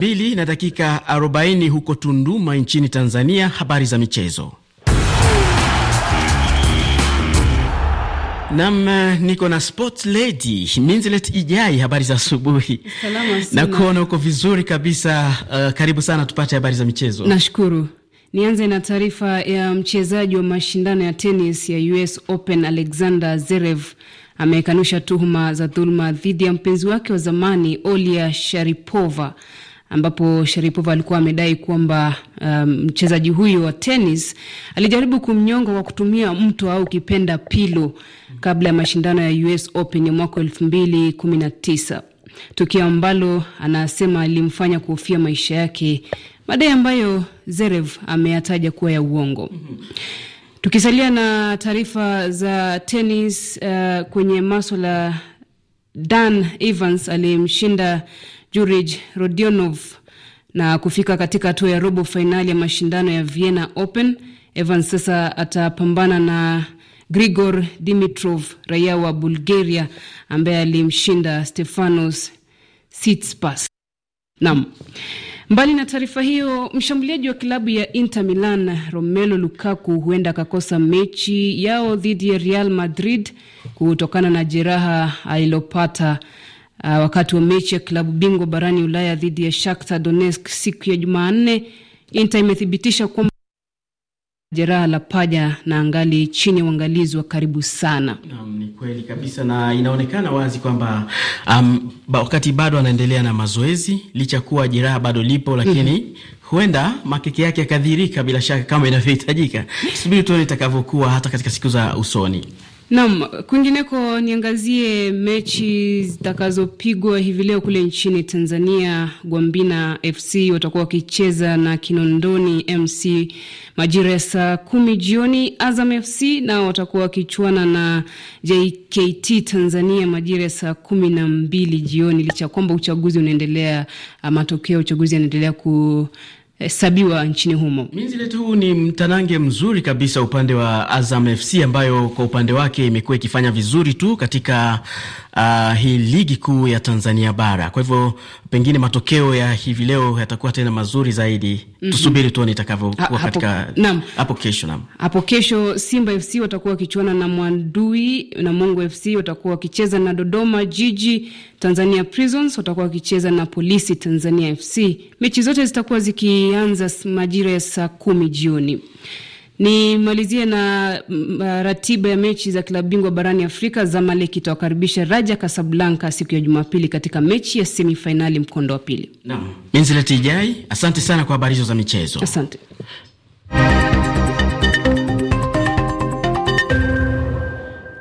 Mbili na dakika 40 huko Tunduma nchini Tanzania. Habari za michezo. Nam, niko na sport lady Minzlet Ijai. Habari za asubuhi. Nakuona uko vizuri kabisa. Uh, karibu sana, tupate habari za michezo. Nashukuru. Nianze na taarifa ya mchezaji wa mashindano ya tenis ya US Open Alexander Zverev amekanusha tuhuma za dhuluma dhidi ya mpenzi wake wa zamani Olia Sharipova ambapo Sharipova alikuwa amedai kwamba um, mchezaji um, huyo wa tenis alijaribu kumnyonga kwa kutumia mto au kipenda pilo kabla ya mashindano ya US Open ya mwaka elfu mbili kumi na tisa, tukio ambalo anasema alimfanya kuhofia maisha yake, madai ambayo Zerev ameyataja kuwa ya uongo. Tukisalia na taarifa za tenis, uh, kwenye maswala Dan Evans aliyemshinda Jurij Rodionov na kufika katika hatua ya robo fainali ya mashindano ya Vienna Open. evan sasa atapambana na Grigor Dimitrov, raia wa Bulgaria ambaye alimshinda Stefanos Tsitsipas. Naam. Mbali na taarifa hiyo, mshambuliaji wa klabu ya Inter Milan Romelu Lukaku huenda akakosa mechi yao dhidi ya Real Madrid kutokana na jeraha alilopata uh, wakati wa mechi ya klabu bingwa barani Ulaya dhidi ya Shakhtar Donetsk siku ya Jumanne, Inter imethibitisha kwamba jeraha la paja na angali chini ya uangalizi wa karibu sana. Um, ni kweli kabisa na inaonekana wazi kwamba um, ba, wakati bado anaendelea na mazoezi licha kuwa jeraha bado lipo, lakini mm -hmm huenda makeke yake yakadhirika bila shaka kama inavyohitajika. Subiri tuone itakavyokuwa hata katika siku za usoni. Naam, kwingineko niangazie mechi zitakazopigwa hivi leo kule nchini Tanzania. Gwambina FC watakuwa wakicheza na Kinondoni MC majira ya saa kumi jioni. Azam FC nao watakuwa wakichuana na JKT Tanzania majira ya saa kumi na mbili jioni, licha ya kwamba uchaguzi unaendelea, matokeo ya uchaguzi yanaendelea ku hesabiwa nchini humo. Minzileti, huu ni mtanange mzuri kabisa upande wa Azam FC ambayo kwa upande wake imekuwa ikifanya vizuri tu katika uh, hii ligi kuu ya Tanzania bara. Kwa hivyo pengine matokeo ya hivi leo yatakuwa tena mazuri zaidi. mm -hmm. Tusubiri tuone itakavyokuwa katika hapo kesho. Naam, hapo kesho Simba FC watakuwa wakichuana na Mwandui na Mongo FC watakuwa wakicheza na Dodoma Jiji. Tanzania Prisons watakuwa wakicheza na Polisi Tanzania FC. Mechi zote zitakuwa zikianza majira ya saa kumi jioni. Nimalizie na mm, uh, ratiba ya mechi za klabu bingwa barani Afrika. Zamalek itawakaribisha Raja Kasablanka siku ya Jumapili katika mechi ya semifainali mkondo wa pili. Naam, Minzileti Ijai, asante sana kwa habari hizo za michezo. Asante.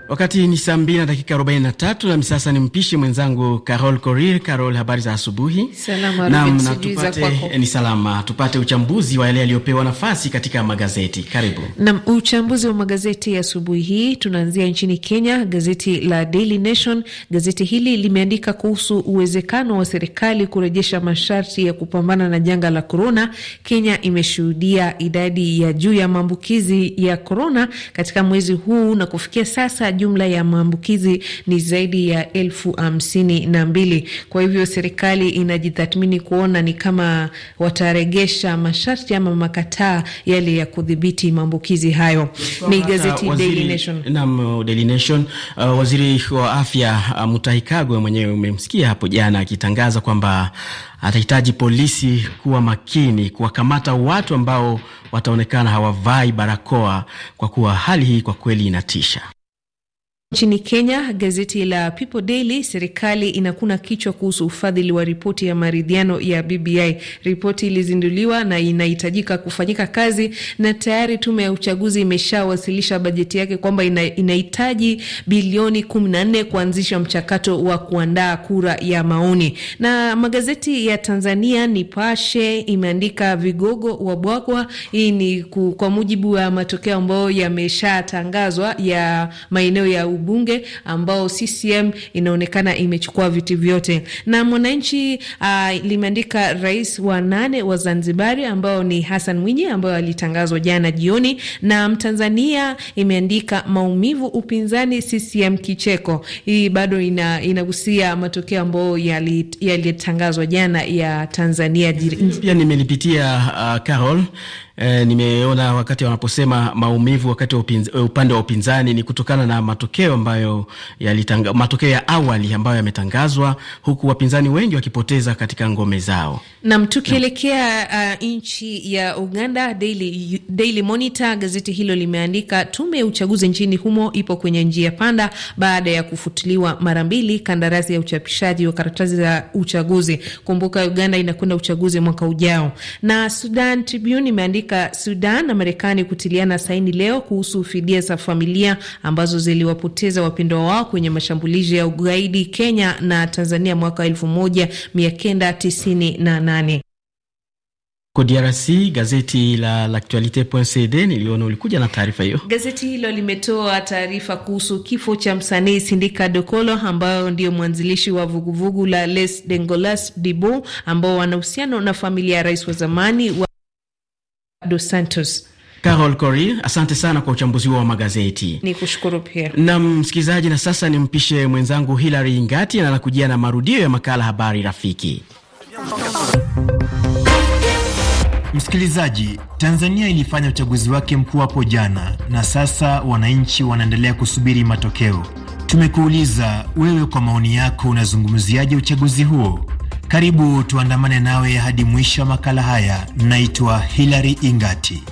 Wakati ni saa mbili na dakika arobaini na 43 nami sasa nimpishe mwenzangu Carol Korir. Carol, habari za asubuhi. Salama, na tupate eh, ni salama, tupate uchambuzi wa yale yaliyopewa nafasi katika magazeti. Karibu nam. Uchambuzi wa magazeti ya asubuhi hii tunaanzia nchini Kenya. Gazeti la Daily Nation, gazeti hili limeandika kuhusu uwezekano wa serikali kurejesha masharti ya kupambana na janga la korona. Kenya imeshuhudia idadi ya juu ya maambukizi ya korona katika mwezi huu na kufikia sasa jumla ya maambukizi ni zaidi ya elfu hamsini na mbili. Kwa hivyo serikali inajitathmini kuona ni kama wataregesha masharti ama makataa yale ya kudhibiti maambukizi hayo. Ni gazeti Daily Nation. Naam, Daily Nation. Uh, waziri wa afya uh, Mutahi Kagwe mwenyewe umemsikia hapo jana akitangaza kwamba atahitaji polisi kuwa makini kuwakamata watu ambao wataonekana hawavai barakoa kwa kuwa hali hii kwa kweli inatisha. Nchini Kenya, gazeti la People Daily, serikali inakuna kichwa kuhusu ufadhili wa ripoti ya maridhiano ya BBI. Ripoti ilizinduliwa na inahitajika kufanyika kazi, na tayari tume ya uchaguzi imeshawasilisha bajeti yake kwamba ina, inahitaji bilioni 14 kuanzisha mchakato wa kuandaa kura ya maoni. Na magazeti ya Tanzania, Nipashe imeandika vigogo wabwagwa. Hii ni kwa mujibu wa matokeo ambayo yameshatangazwa ya maeneo ya bunge ambao CCM inaonekana imechukua viti vyote. Na Mwananchi uh, limeandika rais wa nane wa Zanzibari ambao ni Hassan Mwinyi ambayo alitangazwa jana jioni, na Mtanzania imeandika maumivu upinzani CCM kicheko. Hii bado ina, inagusia matokeo ambayo yalitangazwa yali jana ya Tanzania. Pia nimelipitia uh, Carol eh, nimeona wakati wanaposema maumivu wakati upinz, eh, upande wa upinzani ni kutokana na matokeo ambayo yalitanga, matokeo ya awali ambayo yametangazwa, huku wapinzani wengi wakipoteza katika ngome zao. Nam, tukielekea uh, nchi ya Uganda, Daily, Daily Monitor gazeti hilo limeandika tume ya uchaguzi nchini humo ipo kwenye njia panda baada ya kufutiliwa mara mbili kandarasi ya uchapishaji wa karatasi za uchaguzi. Kumbuka Uganda inakwenda uchaguzi mwaka ujao. Na Sudan Tribune imeandika Afrika, Sudan na Marekani kutiliana saini leo kuhusu fidia za familia ambazo ziliwapoteza wapendwa wao kwenye mashambulizi ya ugaidi Kenya na Tanzania mwaka 1998. Ko DRC gazeti la l'actualite.cd niliona ulikuja na taarifa hiyo. Gazeti hilo limetoa taarifa kuhusu kifo cha msanii Sindika Dokolo ambayo ndio mwanzilishi wa vuguvugu la Les Dengolas Dibo ambao wana uhusiano na familia ya rais wa zamani wa Dos Santos. Carol Cori, asante sana kwa uchambuzi wa magazeti. Ni kushukuru pia nam msikilizaji, na sasa nimpishe mwenzangu Hilary Ngati na na marudio ya makala Habari Rafiki. Msikilizaji, Tanzania ilifanya uchaguzi wake mkuu hapo jana, na sasa wananchi wanaendelea kusubiri matokeo. Tumekuuliza wewe, kwa maoni yako, unazungumziaje uchaguzi huo? Karibu tuandamane nawe hadi mwisho wa makala haya. Naitwa Hilary Ingati.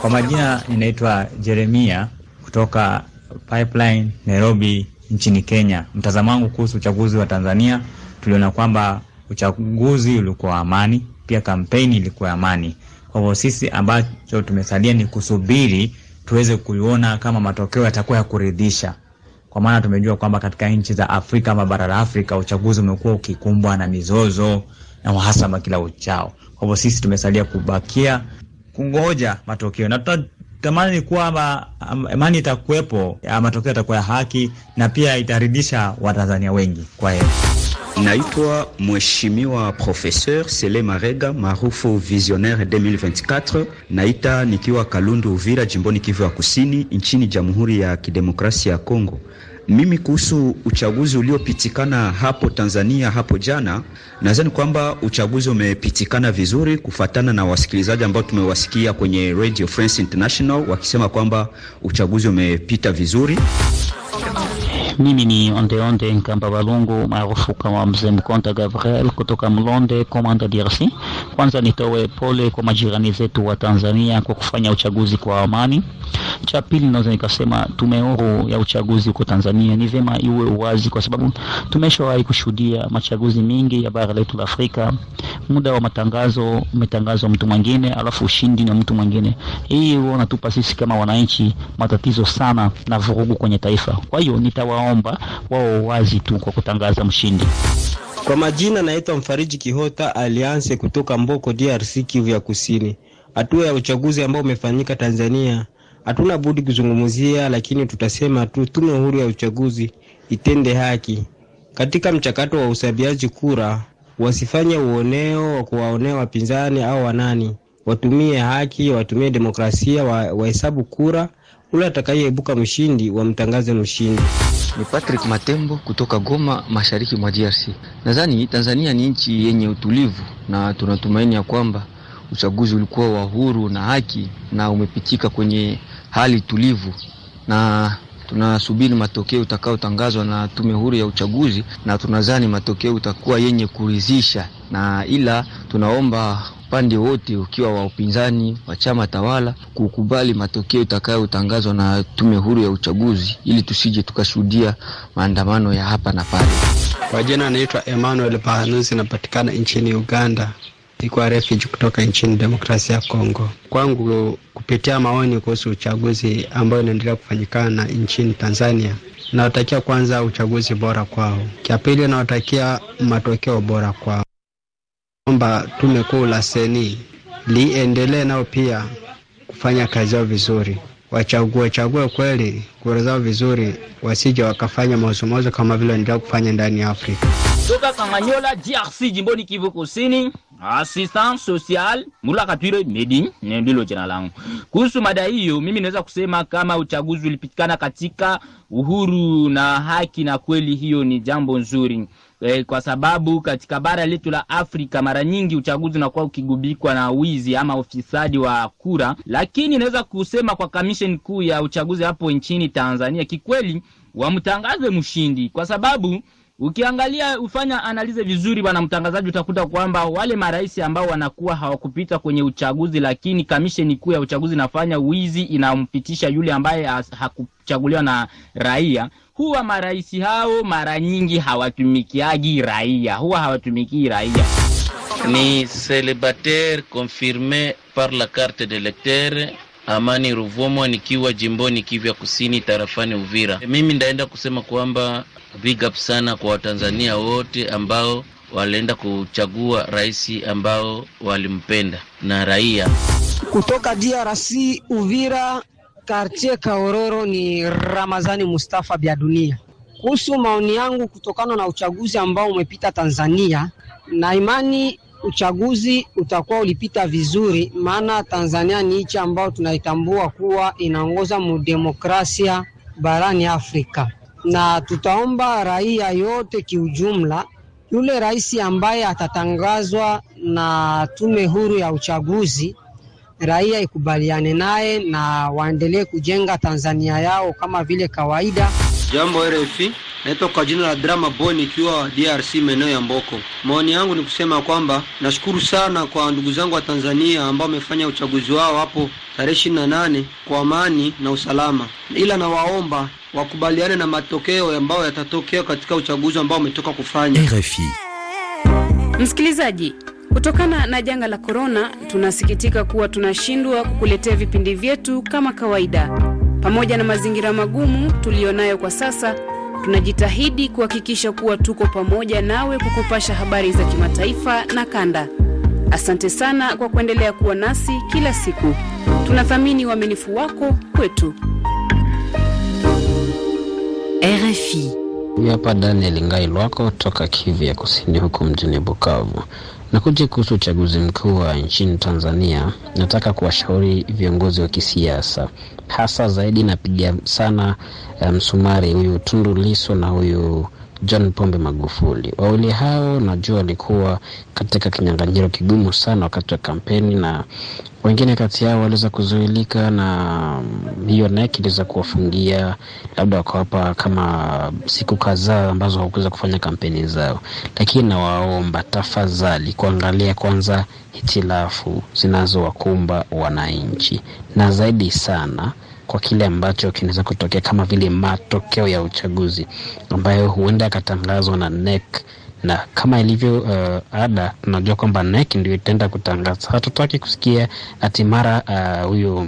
Kwa majina ninaitwa Jeremia kutoka Pipeline, Nairobi nchini Kenya. Mtazamo wangu kuhusu uchaguzi wa Tanzania, tuliona kwamba uchaguzi ulikuwa amani, pia kampeni ilikuwa amani. Kwa hivyo sisi ambacho tumesalia ni kusubiri tuweze kuiona kama matokeo yatakuwa ya kuridhisha kwa maana tumejua kwamba katika nchi za Afrika ama bara la Afrika uchaguzi umekuwa ukikumbwa na mizozo na uhasama kila uchao. Kwa hivyo sisi tumesalia kubakia kungoja matokeo na tunatamani kwamba amani itakuwepo, matokeo yatakuwa ya haki na pia itaridhisha Watanzania wengi. Kwa hiyo Naitwa Mheshimiwa Professeur Sele Marega maarufu Visionnaire 2024, naita nikiwa Kalundu Uvira, jimboni Kivu ya Kusini, nchini Jamhuri ya Kidemokrasia ya Kongo. Mimi kuhusu uchaguzi uliopitikana hapo Tanzania hapo jana, nadhani kwamba uchaguzi umepitikana vizuri, kufatana na wasikilizaji ambao tumewasikia kwenye Radio France International wakisema kwamba uchaguzi umepita vizuri. Mimi ni Ondeonde Nkamba Balungu maarufu kama Mzee Mkonta Gabriel kutoka Mlonde Komanda, DRC. Kwanza nitoe pole kwa majirani zetu wa Tanzania kwa kufanya uchaguzi kwa amani. Cha pili, naweza nikasema tume huru ya uchaguzi huko Tanzania ni vyema iwe uwazi, kwa sababu tumeshawahi kushuhudia machaguzi mingi ya bara letu la Afrika. Muda wa matangazo umetangazwa mtu mwingine, alafu ushindi na mtu mwingine. Hii huwa natupa sisi kama wananchi matatizo sana na vurugu kwenye taifa. Kwa hiyo nitawa tunaomba wao wazi tu kwa kutangaza mshindi. Kwa majina naitwa Mfariji Kihota Alianse kutoka Mboko, DRC, Kivu ya Kusini. Hatua ya uchaguzi ambao umefanyika Tanzania hatuna budi kuzungumzia, lakini tutasema tu tume huru ya uchaguzi itende haki katika mchakato wa usabiaji kura, wasifanye uoneo wa kuwaonea wapinzani au wanani, watumie haki, watumie demokrasia, wahesabu kura, ule atakayeibuka mshindi wamtangaze mshindi. Ni Patrick Matembo kutoka Goma, mashariki mwa DRC. Nadhani Tanzania ni nchi yenye utulivu na tunatumaini ya kwamba uchaguzi ulikuwa wa huru na haki na umepitika kwenye hali tulivu, na tunasubiri matokeo utakaotangazwa na tume huru ya uchaguzi, na tunadhani matokeo utakuwa yenye kuridhisha, na ila tunaomba upande wote ukiwa wa upinzani wa chama tawala kukubali matokeo itakayotangazwa na tume huru ya uchaguzi, ili tusije tukashuhudia maandamano ya hapa na pale. Kwa jina anaitwa Emmanuel Bahanuzi, napatikana nchini Uganda, ikwa refuji kutoka nchini demokrasia ya Kongo. Kwangu kupitia maoni kuhusu uchaguzi ambayo inaendelea kufanyikana nchini Tanzania, nawatakia kwanza uchaguzi bora kwao. Cha pili, nawatakia matokeo bora kwao kwamba tume kuu la seni liendelee nao pia kufanya kazi yao vizuri, wachague wachague kweli kura zao vizuri, wasije wakafanya maozomaozo kama vile wanaendelea kufanya ndani ya Afrika. Toka Kanganyola, DRC, jimboni Kivu Kusini. Assistant social Mula Katwire Medi ndilo jina langu. Kuhusu mada hiyo, mimi naweza kusema kama uchaguzi ulipitikana katika uhuru na haki na kweli, hiyo ni jambo nzuri e, kwa sababu katika bara letu la Afrika mara nyingi uchaguzi unakuwa ukigubikwa na wizi ama ufisadi wa kura, lakini naweza kusema kwa kamishen kuu ya uchaguzi hapo nchini Tanzania, kikweli wamtangaze mshindi kwa sababu Ukiangalia ufanya analize vizuri, bwana mtangazaji, utakuta kwamba wale marais ambao wanakuwa hawakupita kwenye uchaguzi, lakini kamisheni kuu ya uchaguzi inafanya wizi, inampitisha yule ambaye hakuchaguliwa na raia. Huwa marais hao mara nyingi hawatumikiagi raia, huwa hawatumikii raia. Ni celibataire confirme par la carte de lecteur Amani Ruvomwa, nikiwa jimboni Kivya Kusini, tarafani Uvira. Mimi ndaenda kusema kwamba big up sana kwa Watanzania wote ambao walienda kuchagua rais ambao walimpenda na raia kutoka DRC Uvira, kartie Kaororo. Ni Ramazani Mustafa bya dunia. Kuhusu maoni yangu kutokana na uchaguzi ambao umepita Tanzania, na imani uchaguzi utakuwa ulipita vizuri, maana Tanzania ni nchi ambayo tunaitambua kuwa inaongoza mudemokrasia barani Afrika, na tutaomba raia yote kiujumla, yule rais ambaye atatangazwa na tume huru ya uchaguzi, raia ikubaliane naye na waendelee kujenga Tanzania yao kama vile kawaida. Jambo RFI. Naitwa kwa jina la Drama Boy nikiwa DRC maeneo ya Mboko. Maoni yangu ni kusema kwamba nashukuru sana kwa ndugu zangu wa Tanzania ambao wamefanya uchaguzi wao hapo tarehe ishirini na nane kwa amani na usalama, ila nawaomba wakubaliane na matokeo ambayo yatatokea katika uchaguzi ambao umetoka kufanya. RFI. Msikilizaji, kutokana na janga la korona, tunasikitika kuwa tunashindwa kukuletea vipindi vyetu kama kawaida, pamoja na mazingira magumu tuliyonayo kwa sasa Tunajitahidi kuhakikisha kuwa tuko pamoja nawe kukupasha habari za kimataifa na kanda. Asante sana kwa kuendelea kuwa nasi kila siku. Tunathamini uaminifu wako kwetu. RFI. Huyu hapa Daniel Ngai Lwako toka Kivu ya Kusini huku mjini Bukavu. Nakuja kuhusu uchaguzi mkuu wa nchini Tanzania, nataka kuwashauri viongozi wa kisiasa hasa zaidi, napiga sana eh, msumari um, huyu Tundu Lissu na huyu John Pombe Magufuli. Wawili hao najua walikuwa katika kinyang'anyiro kigumu sana wakati wa kampeni, na wengine kati yao waliweza kuzuilika, na mm, hiyo NEC iliweza kuwafungia labda wakawapa kama siku kadhaa ambazo hawakuweza kufanya kampeni zao, lakini nawaomba tafadhali kuangalia kwanza hitilafu zinazowakumba wananchi na zaidi sana kwa kile ambacho kinaweza kutokea kama vile matokeo ya uchaguzi ambayo huenda yakatangazwa na NEC na kama ilivyo uh, ada, tunajua kwamba NEC ndio itaenda kutangaza. Hatutaki kusikia ati mara uh, huyu uh,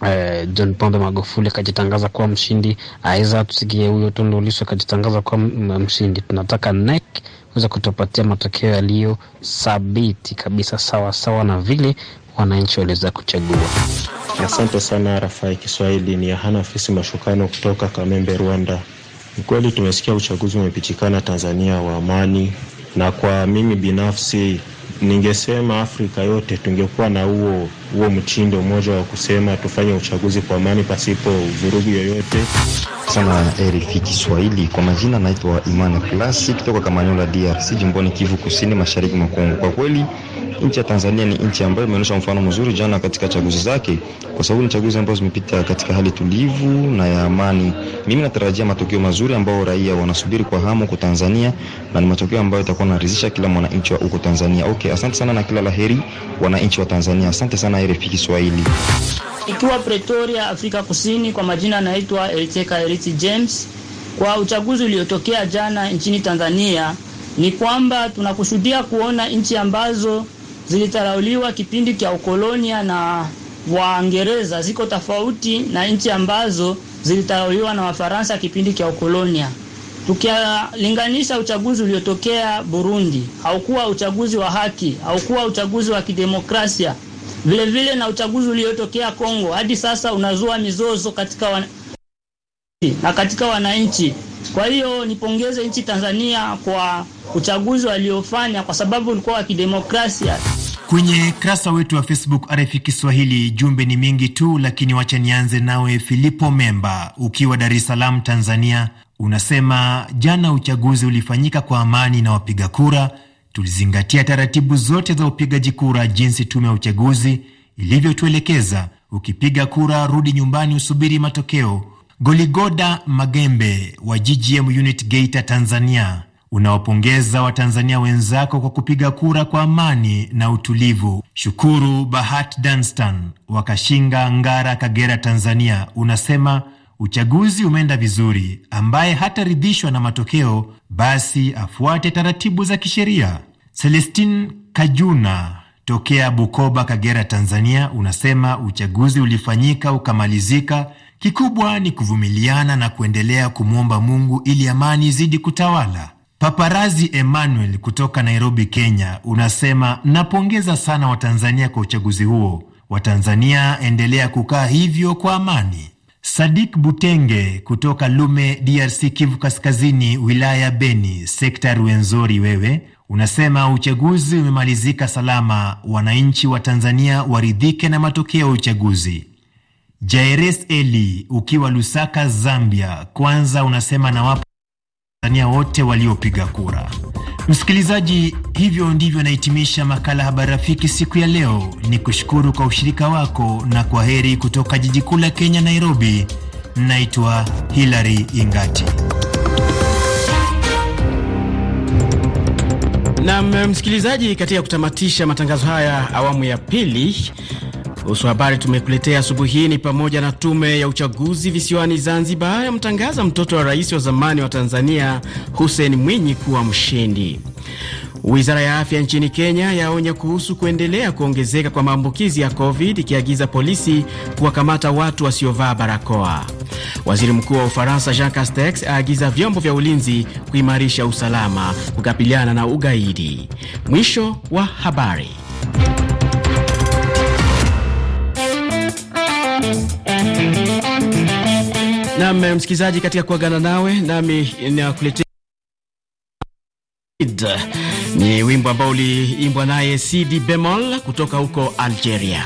Uh, John Pombe Magufuli akajitangaza kuwa mshindi, aweza tusikie huyo Tundu Lissu akajitangaza kuwa mshindi. Tunataka NEC weza kutupatia matokeo yaliyo thabiti kabisa, sawasawa na vile wananchi waliweza kuchagua. Asante sana Rafai Kiswahili, ni Yohana Fisi Mashukano kutoka Kamembe, Rwanda. Ni kweli tumesikia uchaguzi umepitikana Tanzania wa amani, na kwa mimi binafsi ningesema Afrika yote tungekuwa na huo huo mtindo mmoja wa kusema tufanye uchaguzi kwa amani pasipo vurugu yoyote. Sana RFI Kiswahili, kwa majina naitwa Imani Classic kutoka Kamanyola, DRC, jimboni Kivu Kusini, mashariki mwa Kongo. Kwa kweli nchi ya Tanzania ni nchi ambayo imeonyesha mfano mzuri jana katika chaguzi zake, kwa sababu ni chaguzi ambazo zimepita katika hali tulivu na ya amani. Mimi natarajia matokeo mazuri ambayo raia wanasubiri kwa hamu kwa Tanzania, na ni matokeo ambayo yatakuwa naridhisha kila mwananchi wa huko Tanzania. Okay, asante sana na kila laheri wananchi wa Tanzania. Asante sana RFI Kiswahili. Ikiwa Pretoria, Afrika Kusini, kwa majina anaitwa Eliteka Eliti James. Kwa uchaguzi uliotokea jana nchini Tanzania, ni kwamba tunakusudia kuona nchi ambazo zilitarauliwa kipindi cha ukolonia na Waingereza ziko tofauti na nchi ambazo zilitarauliwa na Wafaransa kipindi cha ukolonia. Tukilinganisha uchaguzi uliotokea Burundi, haukuwa uchaguzi wa haki, haukuwa uchaguzi wa kidemokrasia, vile vile na uchaguzi uliotokea Kongo hadi sasa unazua mizozo katika wana... na katika wananchi. Kwa hiyo nipongeze nchi Tanzania kwa uchaguzi waliofanya, kwa sababu ulikuwa wa kidemokrasia. Kwenye krasa wetu wa Facebook RFI Kiswahili, jumbe ni mingi tu, lakini wacha nianze nawe Filipo Memba ukiwa Dar es Salaam, Tanzania. Unasema jana uchaguzi ulifanyika kwa amani na wapiga kura, tulizingatia taratibu zote za upigaji kura jinsi tume ya uchaguzi ilivyotuelekeza. Ukipiga kura, rudi nyumbani usubiri matokeo. Goligoda Magembe wa GGM unit Geita, Tanzania, unawapongeza Watanzania wenzako kwa kupiga kura kwa amani na utulivu. Shukuru Bahat Danstan wa Kashinga, Ngara, Kagera, Tanzania, unasema uchaguzi umeenda vizuri. Ambaye hataridhishwa na matokeo basi afuate taratibu za kisheria. Celestin Kajuna tokea Bukoba, Kagera, Tanzania, unasema uchaguzi ulifanyika ukamalizika Kikubwa ni kuvumiliana na kuendelea kumwomba Mungu ili amani izidi kutawala. Paparazi Emmanuel kutoka Nairobi, Kenya, unasema napongeza sana Watanzania kwa uchaguzi huo. Watanzania endelea kukaa hivyo kwa amani. Sadik Butenge kutoka Lume, DRC, Kivu Kaskazini, wilaya ya Beni, sekta Ruenzori, wewe unasema uchaguzi umemalizika salama, wananchi wa Tanzania waridhike na matokeo ya uchaguzi. Jaires Eli ukiwa Lusaka, Zambia, kwanza unasema nawapa Tanzania wote waliopiga kura. Msikilizaji, hivyo ndivyo nahitimisha makala Habari Rafiki siku ya leo. Ni kushukuru kwa ushirika wako na kwa heri kutoka jiji kuu la Kenya, Nairobi. Naitwa Hilary Ingati. Nam msikilizaji, katika kutamatisha matangazo haya awamu ya pili kuhusu habari tumekuletea asubuhi hii ni pamoja na tume ya uchaguzi visiwani Zanzibar yamtangaza mtoto wa rais wa zamani wa Tanzania Hussein Mwinyi kuwa mshindi. Wizara ya afya nchini Kenya yaonya kuhusu kuendelea kuongezeka kwa maambukizi ya COVID ikiagiza polisi kuwakamata watu wasiovaa barakoa. Waziri mkuu wa Ufaransa Jean Castex aagiza vyombo vya ulinzi kuimarisha usalama kukabiliana na ugaidi. Mwisho wa habari. Nam msikilizaji, katika kuagana nawe nami nakuletea ni wimbo ambao uliimbwa naye Sidi Bemol kutoka huko Algeria.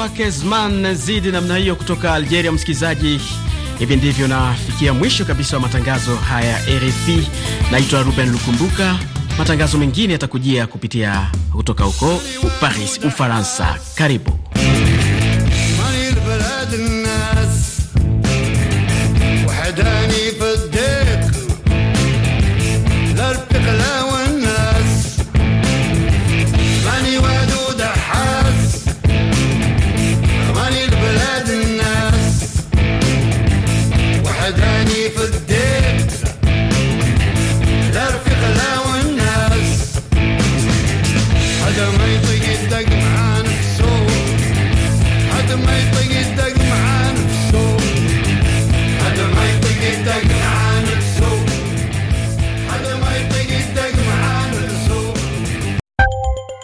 wake Zman zidi namna hiyo kutoka Algeria. Msikilizaji, hivi ndivyo nafikia mwisho kabisa wa matangazo haya RFI. Naitwa Ruben Lukumbuka. Matangazo mengine yatakujia kupitia kutoka huko Paris, Ufaransa. Karibu.